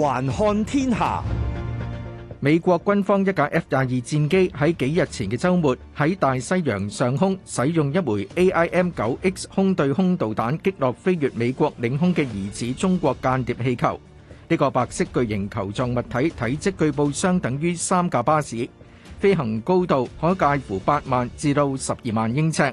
環看天下，美國軍方一架 F 廿二戰機喺幾日前嘅周末喺大西洋上空使用一枚 AIM 九 X 空對空導彈擊落飛越美國領空嘅疑似中國間諜氣球。呢個白色巨型球狀物體體積據報相等於三架巴士，飛行高度可介乎八萬至到十二萬英尺。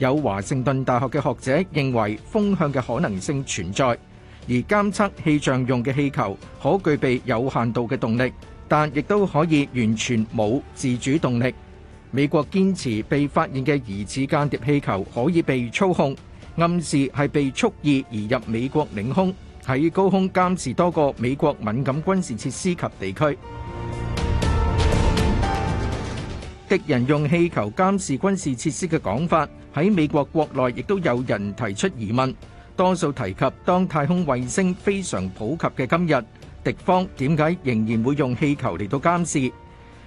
有華盛頓大學嘅學者認為風向嘅可能性存在，而監測氣象用嘅氣球可具備有限度嘅動力，但亦都可以完全冇自主動力。美國堅持被發現嘅疑似間諜氣球可以被操控，暗示係被蓄意移入美國領空，喺高空監視多個美國敏感軍事設施及地區。敵人用氣球監視軍事設施嘅講法，喺美國國內亦都有人提出疑問。多數提及當太空衛星非常普及嘅今日，敵方點解仍然會用氣球嚟到監視？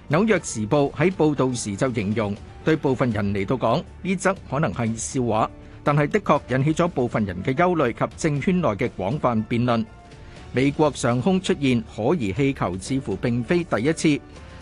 紐約時報喺報道時就形容，對部分人嚟到講，呢則可能係笑話，但係的確引起咗部分人嘅憂慮及政圈內嘅廣泛辯論。美國上空出現可疑氣球，似乎並非第一次。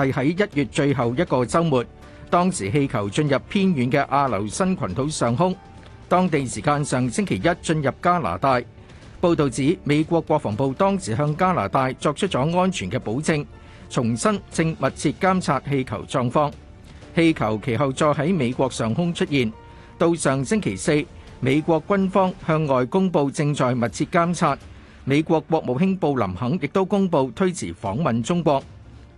係喺一月最後一個周末，當時氣球進入偏遠嘅阿留申群島上空，當地時間上星期一進入加拿大。報道指美國國防部當時向加拿大作出咗安全嘅保證，重申正密切監察氣球狀況。氣球其後再喺美國上空出現，到上星期四，美國軍方向外公佈正在密切監察。美國國務卿布林肯亦都公佈推遲訪問中國。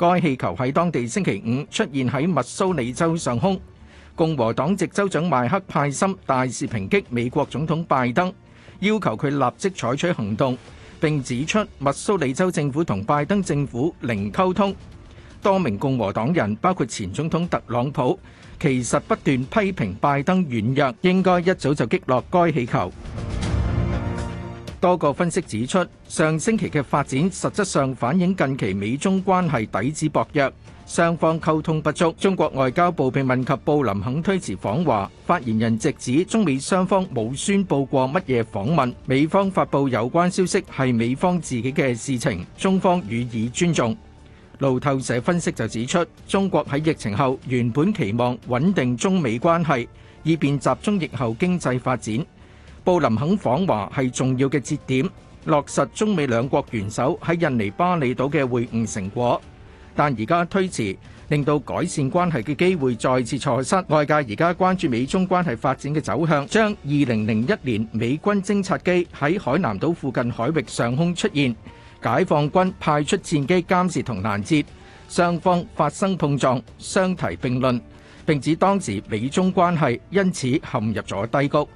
該氣球喺當地星期五出現喺密蘇里州上空。共和黨籍州長邁克派森大肆抨擊美國總統拜登，要求佢立即採取行動，並指出密蘇里州政府同拜登政府零溝通。多名共和黨人，包括前總統特朗普，其實不斷批評拜登軟弱，應該一早就擊落該氣球。多個分析指出，上星期嘅發展實質上反映近期美中關係底子薄弱，雙方溝通不足。中國外交部被問及布林肯推遲訪華，發言人直指中美雙方冇宣布過乜嘢訪問，美方發布有關消息係美方自己嘅事情，中方予以尊重。路透社分析就指出，中國喺疫情後原本期望穩定中美關係，以便集中疫後經濟發展。布林肯訪華係重要嘅節點，落實中美兩國元首喺印尼巴厘島嘅會晤成果，但而家推遲，令到改善關係嘅機會再次錯失。外界而家關注美中關係發展嘅走向。將二零零一年美軍偵察機喺海南島附近海域上空出現，解放軍派出戰機監視同攔截，雙方發生碰撞，相提並論，並指當時美中關係因此陷入咗低谷。